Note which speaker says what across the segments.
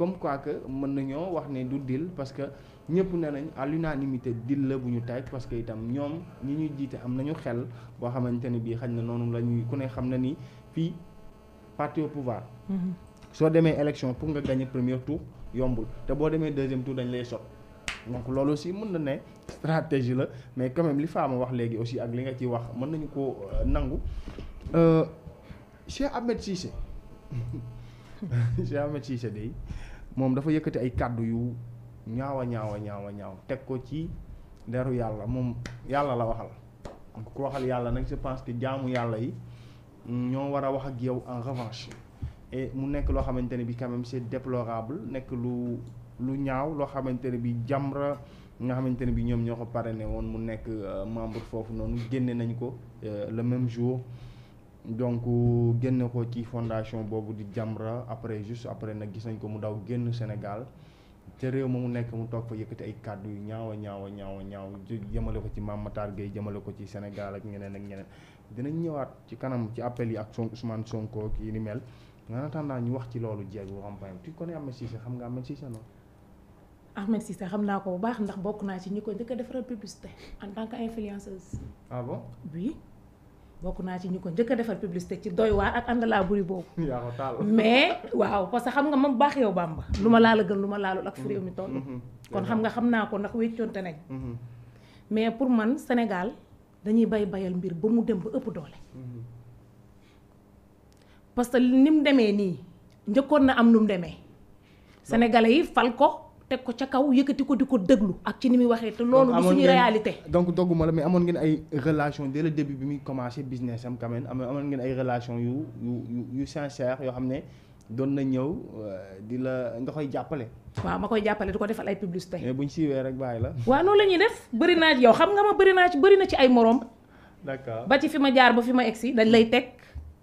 Speaker 1: comme quoi que mën nañoo wax ne du dil parce que ñëpp ne nañ à l'unanimité deal la bu ñu teg parce que itam ñoom ñi ñuy jiite am nañu xel boo xamante ne bii xañ na noonu la ñuy ku ne xam na ni fii parti au pouvoir. Mhm. soo demee élection pour nga gagner premier tour yombul te boo demee deuxième tour dañ lay sot donc loolu aussi mën na ne stratégie la mais quand li li Fama wax léegi aussi ak li nga ci wax mën nañu ko euh, nangu euh, Cheikh Ahmed Cissé Cheikh Ahmed Cissé dey moom dafa yëkkati ay kàddu yu ñaaw a ñaaw a teg ko ci deru yàlla moom yàlla la waxal ku waxal yàlla nag je pense que jaamu yàlla yi ñoo war a wax ak yow en revanche mu nekk loo xamante ne bi quand même c'est déplorable nekk lu lu ñaaw loo xamante ne bi Jamra nga xamante ne bi ñoom ñoo ko pare ne woon mu nekk euh, membre foofu noonu génne nañ ko euh, le même jour donc génn ko ci fondation boobu di Jamra après juste après nag gis nañ ko mu daw génn Sénégal te réew ma mu nekk mu toog fa yëkkati ay kàddu yu ñaawa ñaawa ñaaw ñaaw jëmale ko ci Mame Matar Gueye jëmale ko ci Sénégal ak ñeneen ak ñeneen dinañ ñëwaat ci kanam ci appel yi ak son Ousmane Sonko ak yi ni mel en attendant ñu wax ci loolu jeeg bu ti ko tu connais Ahmed Cissé xam nga Ahmed Cissé non
Speaker 2: Ahmed Cissé xam naa ko bu baax ndax bokk naa ci ñi ko njëkk a defaral publicité en bokk naa ci ñu ko njëkk a defar publicité ci doy waar ak ànd laa buri boobu. mais waaw parce que xam nga ma baax yow Bamba. lu ma laal a gën lu ma laalul ak fi réew mi toll. Mm-hmm. kon xam nga xam naa ko ndax te nañ. Mm-hmm. mais pour man senegal dañuy bay bayal mbir ba mu dem ba ëpp doole. Mm-hmm. parce que ni mu demee nii njëkkoon na am nu mu demee. Sénégalais yi fal ko. teg ko ca kaw yëkkati ko di ko déglu ak ci ni muy waxee te loolu du suñu réalité
Speaker 1: donc dogguma la mais amoon ngeen ay relation dès le début bi muy commencé business am quand même amoon ngeen ay relation yu yu yu sincère yoo xam ne doon na ñëw euh, di la
Speaker 2: nga koy jàppale waaw ma koy jàppale di ko defal ay publicité mais buñ siiwee rek bàyyi la waaw noonu la ñuy def bëri naa yow xam nga ma bëri naa ci bëri na ci ay moroom d'accord ba ci fi ma jaar ba fi ma egsi dañ lay teg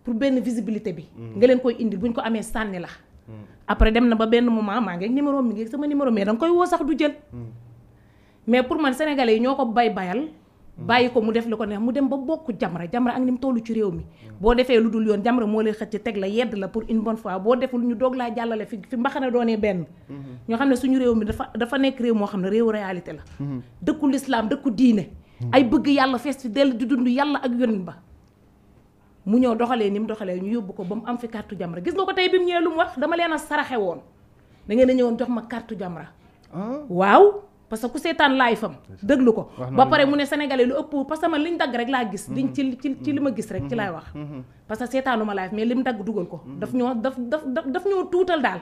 Speaker 2: pour benn visibilité bi hmm. nga leen koy indil buñ ko amee sànni après dem na ba benn moment maa ngi ak numéro mi ngi ak sama numéro mais danga koy woo sax du jël. mais pour man sénégalais yi ñoo ko bay bayal. bàyyi ko mu def li ko neex mu dem ba bokk Jamra Jamra ak ni mu toll ci réew mi. boo defee lu dul yoon Jamra moo lay xëcc teg la yedd la pour une bonne fois boo deful ñu doog laa jàllale fi fi mbaxana doonee benn. Mhm. ñoo xam ne suñu réew mi dafa dafa nekk réew moo xam ne réew réalité la. Mhm. dëkku lislaam dëkku diine. Mhm. ay bëgg yàlla fees fi dell di dund yàlla ak yonin ba. mu ñëw doxalee ni mu doxalee ñu yóbbu ko ba mu am fi carte Jamra gis nga ko tey bi mu ñëwee lu mu wax dama leen saraxe woon da ngeen a ñëwoon jox ma carte Jamra ah. waaw parce que ku seetaan laay fam déglu ko ba pare mu ne sénégalais lu ëpp parce que man liñ dagg rek laa gis mm-hmm. liñ ci ci ci li ma gis rek ci mm-hmm. laay wax mm-hmm. parce que seetaanu ma live mais lim dagg dugal ko daf ñoo daf daf daf ñoo tuutal daal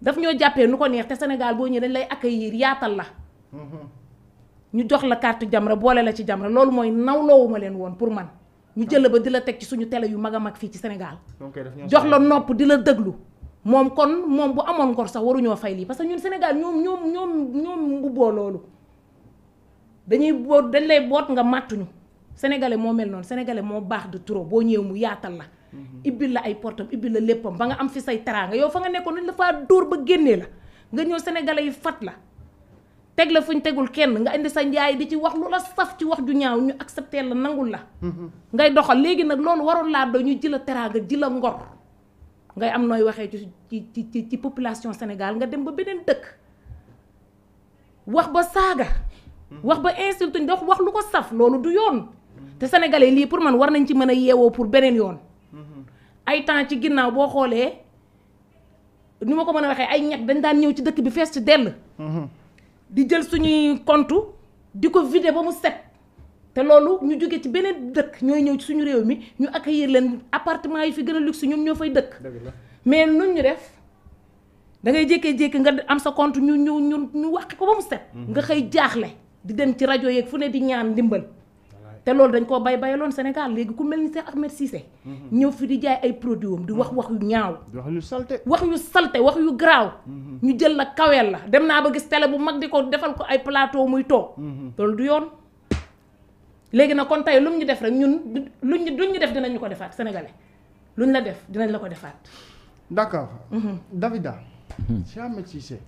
Speaker 2: daf ñoo jàppee nu ko neex te sénégal boo ñëwee dañ lay accueillir yaatal la ñu jox la carte Jamra boole la ci Jamra loolu mooy nawloowu ma leen woon pour man ñu jël ba di la teg ci suñu télé yu mag a mag fii ci Sénégal jox la nopp di la dëglu moom kon moom bu amoon ngor sax waruñoo fay lii parce que ñun Sénégal ñoom ñoom ñoom ñoom mbubboo loolu dañuy boot dañ lay boot nga màttuñu sénégalais moo mel noonu sénégalais moo baax de trop boo ñëwee mu yaatal la mhm. ibbil la ay portam ibbil la léppam ba nga am fi say teraanga yow fa nga nekkoon nañ la faa dóor ba génnee la nga ñëw sénégalais yi fat la teg la fuñ tegul kenn nga indi sa njaay di ci wax lu la saf ci wax ju ñaaw ñu accepté la nangul la. Mm-hmm. ngay doxal léegi nag loolu warul laa do ñu jëla teraanga jëla ngor. ngay am nooy waxee ci ci ci ci population Sénégal nga dem ba beneen dëkk wax ba saaga. Mm-hmm. wax ba insulte ñu dox wax lu ko saf loolu du yoon. te sénégalais lii pour man war nañ ci mën a yeewoo pour beneen yoon. Mm-hmm. ay temps ci ginnaaw boo xoolee nu ma ko mën a waxee ay ñett dañ daan ñëw ci dëkk bi fees ci dell. di jël suñuy compte di ko vider ba mu set te loolu ñu jóge ci beneen dëkk ñooy ñëw ci suñu réew mi ñu ak accueillir leen appartement yi fi gën a luxe ñoom ñoo fay dëkk mais nun ñu def da ngay jékkee-jékki nga am sa compte ñu ñu ñu ñu wax ko ba mu set mm-hmm. nga xëy jaaxle di dem ci rajo yeeg fu ne di ñaan ndimbal te loolu dañ koo bay bayaloon Sénégal léegi ku mel ni ak Ahmed Cissé mhm. ñëw fi di jaay ay produit am di wax mhm. wax yu ñaaw wax yu salte wax yu wax yu garaaw mhm. ñu jël la kaweel la dem naa ba gis tele bu mag di ko defal ko ay plateau muy toog loolu du yoon léegi nag kon tey lu mu ñu def rek ñun lu lu ñu def dinañ ko defaat sénégalais lu ñu la def dinañ la ko defaat
Speaker 1: d'accord Davida Cheikh Ahmed Cissé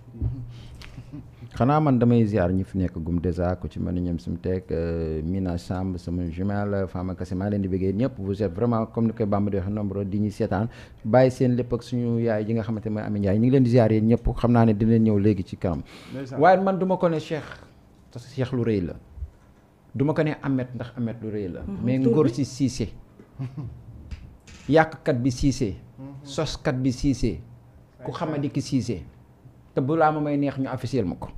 Speaker 3: xanaa man damay ziar ñi fi nekk gum dèjà ku ci mel ni ñoom suñu teg euh, Mina Samb sama jumelle Fama Kassé maa leen di bëggee ñëpp vous êtes vraiment comme ni koy Bamba di wax nombre di ñu seetaan bàyyi seen lépp ak suñu yaay ji nga xamante mooy Amy Ndiaye ñu ngi leen di ziar yéen ñëpp xam naa ne dina ñëw léegi ci kanam. waaye man du ma ko ne Cheikh parce que Cheikh lu rëy la du ma ko ne Ahmed ndax Ahmed lu rëy la. Mm-hmm. mais ngóor si Cissé yàqkat bi Cissé. Mm-hmm. soskat bi Cissé. ku xam ki Cissé te bu laa ma may neex ñu officiel ma ko.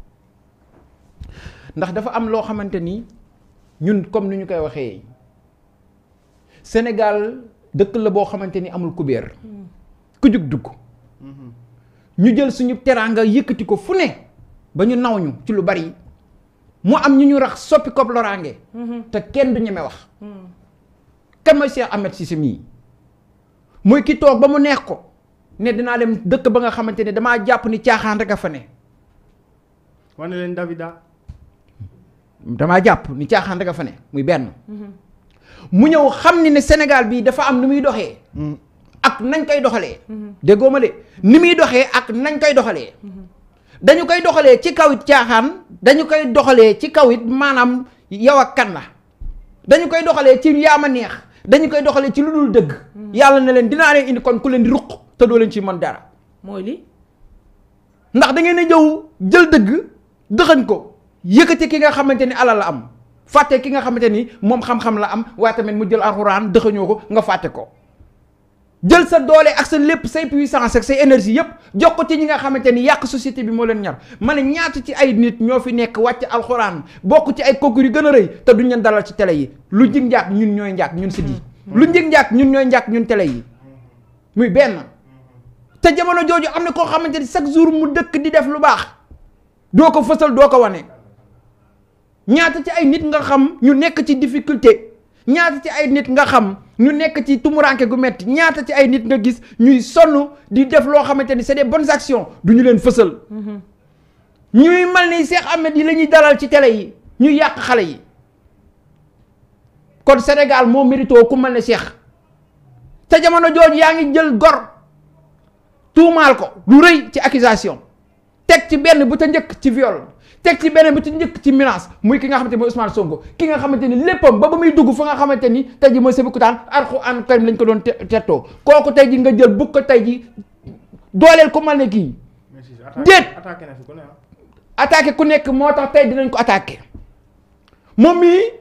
Speaker 3: ndax dafa am loo xamante ni ñun comme ni ñu koy waxee senegal dëkk la boo xamante ni amul kubéer mm. ku jug dugg mm-hmm. ñu jël suñu teraanga yëkkati ko fu ne ba ñu naw ñu ci lu bari mu am ñu ñu rax soppi ko loraange mm-hmm. te kenn du ñeme wax mm. kenn mooy Cheikh Ahmed Cissé mii muy ki toog ba mu neex ko ne dinaa dem dëkk ba nga xamante ni damaa jàpp ni caaxaan rek a fa ne wane leen Davida damaa jàpp ni caaxaan rek a fa ne muy benn. mu ñëw xam ni ne Sénégal bii dafa am nu muy doxee. ak nañ koy doxalee. déggoo ma de ni muy doxee ak nañ koy doxalee. dañu koy doxalee ci kaw it caaxaan dañu koy doxalee ci kaw it maanaam yow kan la dañu koy doxalee ci yaama neex dañu koy doxalee ci lu dul dëgg. yàlla na leen dinaa leen indi kon ku leen di ruq te doo leen ci mën dara. mooy li ndax dangeen ngeen a jël dëgg dëxañ ko. yëkkati ki nga xamante ni alal la am fàtte ki nga xamante ni moom xam-xam la am waa tamit mu jël alxuraan dëxëñoo ko nga fàtte ko jël sa doole ak sa lépp say puissance ak say énergie yépp jox ko ci ñi nga xamante ni yàq société bi moo leen ñar ma ne ñaata ci ay nit ñoo fi nekk wàcc alxuraan bokk ci ay concours yi gën a rëy te duñ leen dalal ci télé yi lu njëg njaat ñun ñooy njaat ñun si di lu njëg njaat ñun ñooy njaat ñun tele yi muy benn te jamono jooju am na koo xamante ni chaque jour mu dëkk di def lu baax doo ko fësal doo ko wane ñaata ci ay nit nga xam ñu nekk ci difficulté ñaata ci ay nit nga xam ñu nekk ci tumuraanke gu metti ñaata ci ay nit nga gis ñuy sonn di def loo xamante ni c'est des bonnes actions du ñu leen fësal mm-hmm. ñuy mal ni Cheikh Ahmed yi la ñuy dalal ci télé yi ñu yàq xale yi kon Sénégal moo mérito ku mel ne seex te jamono jooju yaa ngi jël gor tuumaal ko lu rëy ci accusation teg ci benn bu ca njëkk ci viol teg ci benn bu ca njëkk ci menace muy ki nga xamante ni mooy Ousmane Sonko ki nga xamante ni léppam ba ba muy dugg fa nga xamante ni tey ji mooy Sébikotane Alxuraan karim lañ ko doon tettoo kooku tey ji nga jël bu ko tey ji dooleel ko mal ne kii déet
Speaker 1: ah.
Speaker 3: attaqué ku nekk moo tax tey dinañ ko attaqué moom mii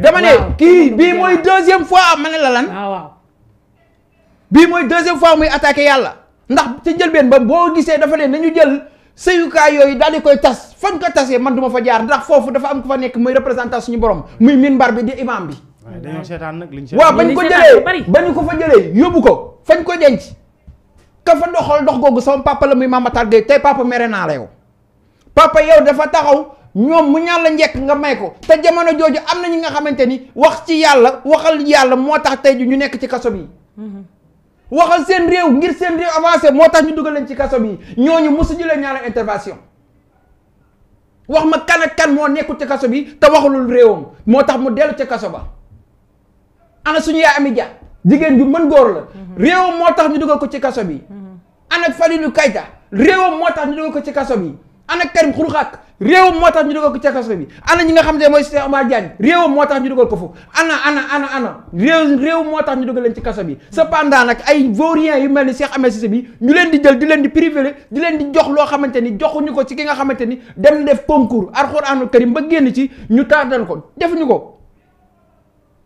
Speaker 3: dama ne kii bii mooy deuxième fois ma ne la lan ah, bii mooy deuxième fois muy attaqué yàlla ndax ca njëlbeen ba boo gisee dafa leen nañu jël sëyukaay yooyu daal di koy tas fañ ko tasee man duma fa jaar ndax foofu dafa am ku fa nekk muy représentant suñu borom muy minbar bi di imam bi.
Speaker 1: dañoo seetaan nag liñ waaw bañ ko jëlee
Speaker 3: bañ ko fa jëlee yóbbu ko fañ ko denc. ka fa doxal dox googu sama papa la muy Mamatar Gueye tey papa mere naa la yow papa yow dafa taxaw ñoom mu ñaan la njekk nga may ko te jamono jooju am na ñi nga xamante ni wax ci yàlla waxal yàlla moo tax tey ju ñu nekk ci kaso bi. Mm-hmm. waxal seen réew ngir seen réew avancé moo tax ñu dugal leen ci kaso bi ñu mosuñu leen ñaanal intervention wax ma kan kan moo nekkul ci kaso bi te waxalul réewam moo tax mu dellu ci kaso ba ana suñu yaay jigéen ju mën góor la mhm. réewam moo tax ñu dugal ko ci kaso bi mhm. ana Fadilou Keita réewam moo tax ñu dugal ko ci kaso bi ana Karim Xrum Xax réewam moo tax ñu dugal ko ca kaso bi ana ñi nga xam ne mooy Cheikh Omar Diagne réewam moo tax ñu dugal ko foofu ana ana ana ana réew réewam moo tax ñu dugal leen ci kaso bi cependant nag ay vauriens yu mel ni Cheikh Ahmed Cissé bi ñu leen di jël di leen di privé di leen di jox loo xamante ni joxuñu ko ci ki nga xamante ni dem def concours alxuraanul karim ba génn ci ñu tardal ko defuñu ko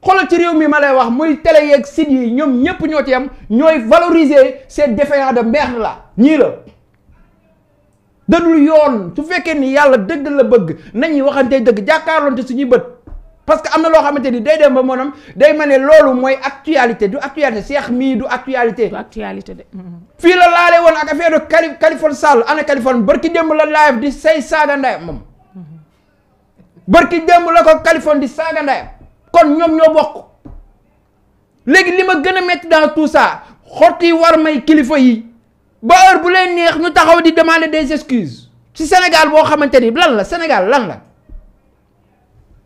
Speaker 3: xoolal ci réew mi ma lay wax muy télé yeeg site yi ñoom ñëpp ñoo ci am ñooy valoriser ces défaillants de merde la ñii la dadul yoon su fekkee ni yàlla dëgg la bëgg nañuy waxante dëgg jàkkaarloonte suñu bët parce que am na loo xamante ni day dem ba maanaam day ma ne loolu mooy actualité du actualité Cheikh mii du actualité. du actualité de. Mm-hmm. fii la laale woon ak affaire de Cali Californie Sall ana Californie barki démb la live di say saaga ndayam moom mm-hmm. barki démb la ko Californie di saaga kon ñoom ñoo bokk léegi li ma gën a métti dans tout ça xotti war may kilifa yi. ba heure bu leen neex ñu taxaw di demander des excuses ci Sénégal boo xamante ni lan la Sénégal lan la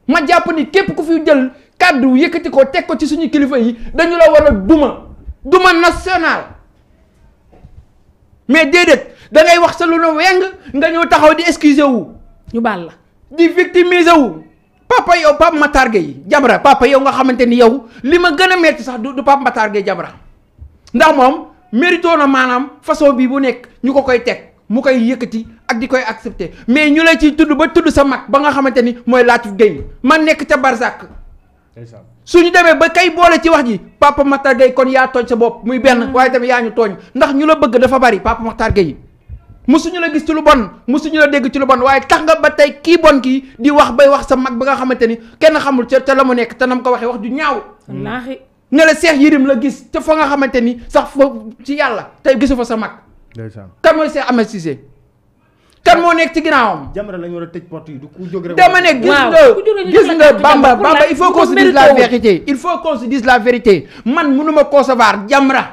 Speaker 3: ma jàpp ni képp ku fi jël kàddu yëkkati ko teg ko ci suñu kilifa yi dañu la war a duma duma national mais déedéet da ngay wax sa lu na weng nga ñëw taxaw di excuser wu. ñu baal la di victimiser wu. papa yow Pape Matar Gueye Jabra papa yow nga xamante ni yow li ma gën a metti sax du Pape Matar Gueye Jabra ndax moom. mérito na maanaam façon bi bu nekk ñu ko koy teg mu koy yëkkati ak di koy accepté mais ñu la ciy tudd ba tudd sa mag ba nga xamante ni mooy Latif Gueye man nekk ca su ñu demee ba kay boole ci wax ji Papa Makhtar Gueye kon yaa tooñ sa bopp muy benn mm. waaye tamit yaa ñu tooñ ndax ñu la bëgg dafa bari Papa Makhtar Gueye musuñu la gis ci lu bon musuñu la dégg ci lu bon waaye tax nga ba tey kii bon kii di wax bay wax sa mag ba nga xamante ni kenn xamul ca ca la mu nekk te nam ko waxee wax ju ñaaw. ne la Cheikh Yérim la gis te fa nga xamante ni sax fa ci yàlla tey gisu fa sa mag. kan mooy Cheikh Ahmed Cissé. kan moo nekk ci ginnaawam.
Speaker 1: Jamra lañu war a tëj porte ku jóg rek. dama ne gis nga gis nga Bamba Bamba il faut qu'on se dise la
Speaker 3: vérité il faut qu'on se dise la vérité man mënuma concevoir Jamra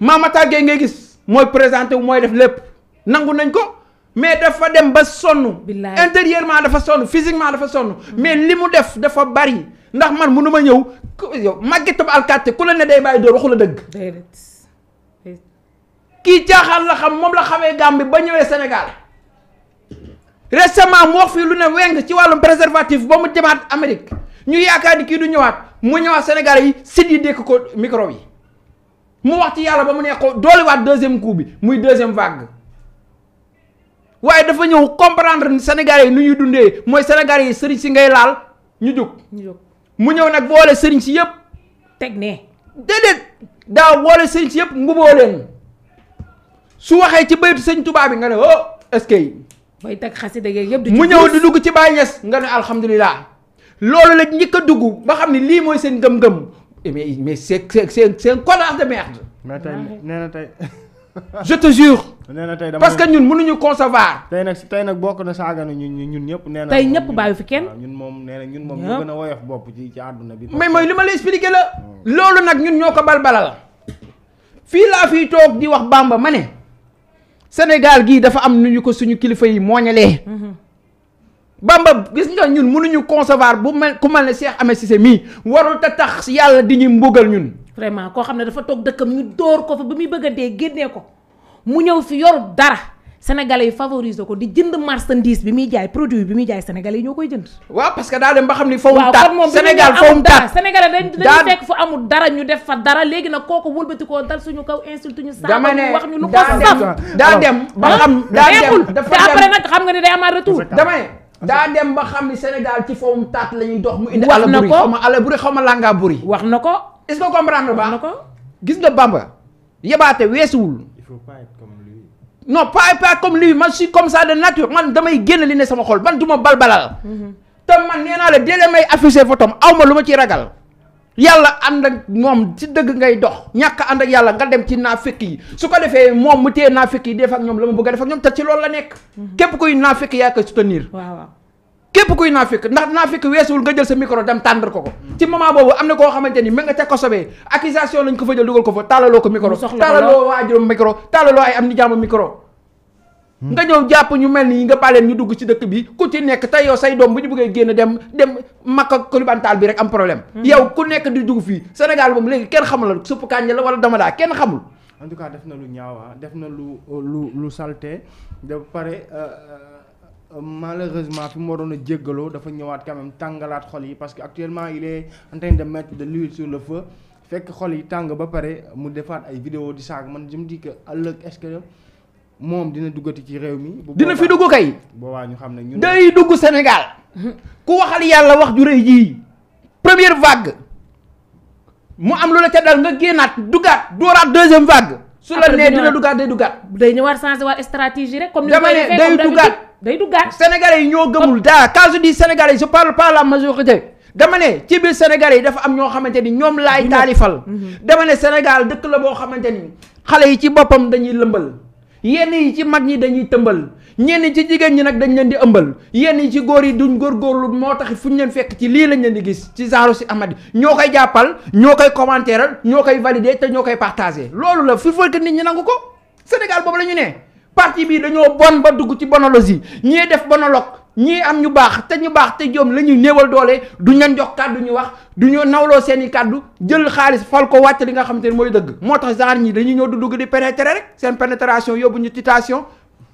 Speaker 3: Mame Matar Gueye ngay gis mooy présenté wu mooy def lépp nangu nañ ko. mais dafa dem ba sonn. intérieurement dafa sonn physiquement dafa sonn. mais li mu def dafa bari ndax man mënu ma ñëw yow màggetu ba alkaati ku la ne day bàyyi dóor waxu la dëgg. kii caaxaan la xam moom la xamee Gambie ba ñëwee Sénégal récemment mu wax fii lu ne weng ci wàllum préservatif ba mu demaat Amérique ñu yaakaar ni kii du ñëwaat mu ñëwaat Sénégal yi sit yi dékk ko micro yi mu wax ci yàlla ba mu ne ko dooliwaat deuxième coup bi muy deuxième vague. waaye dafa ñëw comprendre ni Sénégalais yi nu ñuy dundee mooy Sénégalais yi sëriñ si ngay laal ñu jóg. ñu jóg mu ñëw nag boole sëriñ si yëpp. teg ne déedéet daaw boole sëriñ si yëpp nguboo leen su waxee ci baytu sëñ tubaab bi nga ne oh est que.
Speaker 2: mooy teg xasida yëpp mu ñëw di
Speaker 3: dugg ci Baay Ñas nga ne alhamdulilah. loolu la njëkk a dugg ba xam ne lii mooy seen gëm-gëm eh, mais mais seen c'est c'est un connard na tey.
Speaker 1: je te jure. parce que ñun mënuñu
Speaker 3: concevoir.
Speaker 1: tey nag tey nag bokk na saaga na ñun ñun ñëpp. nee tey ñëpp bàyyi fi kenn. ñun moom nee na ñun moom ñu gën a woyof bopp ci ci àdduna bi. mais mooy li ma lay expliqué
Speaker 3: la. Oh. loolu nag ñun ñoo ko balbala la. fii laa fii toog di wax Bamba ma ne. Sénégal gii dafa am nu ñu ko suñu kilifa yi mooñalee. Mm-hmm. Bamba gis nga ñun mënuñu concevoir bu mel ku mel ne Cheikh ame Cissé mii warul te tax yàlla di ñu mbugal ñun.
Speaker 2: vraiment koo xam ne dafa toog dëkkam ñu dóor ko fa ba muy bëgg a dee génnee ko mu ñëw fi yor dara sénégalais yi favoriser ko di jënd marchandise bi muy jaay produit bi muy jaay sénégalais yi ñoo koy jënd. waaw parce que daa dem ba xam ni. fawum taat Sénégal fawum taat sénégalais dañu fekk fu amul dara ñu def fa dara léegi nag kooku wëlbati koo dal suñu kaw insulte ñu. dama wax lu ko saf daa dem ba ah, xam daa dem
Speaker 3: xam nga ne day amaat retour. dama ne daa dem ba xam ni Sénégal ci foofu taat la ñuy dox. mu indi ala buri xaw ma ala buri xaw ma langa buri wax na ko est-ce que comprendre ko gis nga Bamba yebaate weesuwul. il faut pas être comme lui. non pas comme lui man de nature man damay génn li ne sama xol man du ma balbalal. Mhm. te man nee naa la dee may affiché photom aw ma lu ma ciy ragal. yàlla ànd ak moom ci dëgg ngay dox ñàkk ànd ak yàlla nga dem ci naafik yi su ko defee moom mu téye naafik yi def ak ñoom la ma bëgg a def ak ñoom te ci loolu la nekk. Mhm. képp kuy naafik yaa koy soutenir. waaw képp kuy naafik ndax naafik weesuwul nga jël sa micro dem tàndar ko ko. ci moment boobu am na koo xamante ni mi nga teg ko bee accusation lañ ko fa jël dugal ko fa taalaloo ko micro. mu soxla ko taalaloo waajuram micro taalaloo ay am ni jàmm micro. Hmm. nga ñëw jàpp ñu mel nii nga bàleen ñu dugg ci dëkk bi ku ci nekk teyo say doom bu ñu bëggee génn dem dem makka kolibantaal bi rek am problème hmm. yow ku nekk di dugg fii Sénégal moom léegi kenn xamul la supp kànja la wala dama daa kenn xamul en
Speaker 1: tout cas def na lu ñaawa ah, def na lu euh, lu lu salté da pare euh, euh, malheureusement fi mu waroon a jéggaloo dafa ñëwaat quand même yi parce que actuellement il est en train de mettre de sur le feu fekk xol yi tàng ba pare mu defaat ay vidéo di saag man je me dis que ëllëg est moom dina duggati ci réew mi. dina fi kay. boobaa ñu xam ne ñun day dugg
Speaker 3: Sénégal. ku waxal yàlla wax ju rëy jii. première vague. mu am lu la ca dal nga génnaat duggaat dooraat deuxième vague. su la nee dina duggaat day duggaat. day ñëwaat changé
Speaker 2: waat stratégie
Speaker 3: rek. comme ni dama ne day duggaat day duggaat. sénégalais yi ñoo gëmul daa quand je dis sénégalais je parle pas la majorité. dama ne ci biir sénégalais yi dafa am ñoo xamante ni ñoom laay taalifal. Mm-hmm. dama ne Sénégal dëkk la boo xamante ni xale yi ci boppam dañuy lëmbal. yenn yi ci mag ñi dañuy tëmbal ñenn ci jigéen ñi nag dañ leen di ëmbal yenn yi ci góor yi duñ góorgóorlu moo tax fu ñu leen fekk ci lii lañ leen di gis ci genre si Amady ñoo koy jàppal ñoo koy commentéral ñoo koy validé te ñoo koy partagé loolu la fu fekk nit ñi nangu ko Sénégal boobu la ñu ne partie bii dañoo bon ba dugg ci bonologie ñee def bonologue ñii am ñu baax te ñu baax te joom la ñuy néewal doole du ñan jox kàddu ñu wax du ñu nawloo seen i kàddu jël xaalis fal ko wàcc li nga xamante ne mooy dëgg moo tax genre ñi dañuy ñëw dugg di pénétrer rek seen pénétration yóbbu ñu titation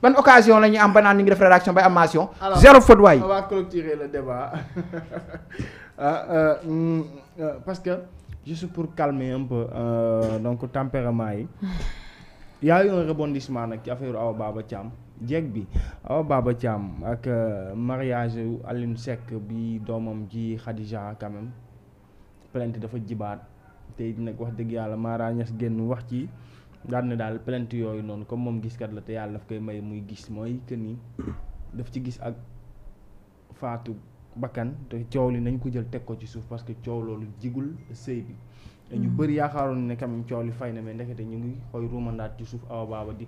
Speaker 3: ban occasion la ñuy am ba naan ñu ngi def rédaction bay amation zéro faute waay on
Speaker 1: va clôturer le euh, euh, mm, euh, parce que juste pour calmer un donc tempérament yi y a eu un rebondissement nag ci affaire Awa Baba Thiam jeeg bi Awa Baba Thiam ak euh, mariage Alioune Seck bi doomam ji Khadija quand même plainte dafa jibaat tey it nag wax dëgg yàlla Mara Niass génn wax ci daan daal plainte yooyu noonu comme moom giskat la te yàlla daf koy may muy gis mooy que ni daf ci gis ak faatu bakkan te coow li nañ ko jël teg ko ci suuf parce que coow loolu jigul sëy bi te mm. ñu bëri yaakaaroon ne quand même coow li fay na mais ndekete ñu ngi koy ruumandaat ci suuf awa baaba di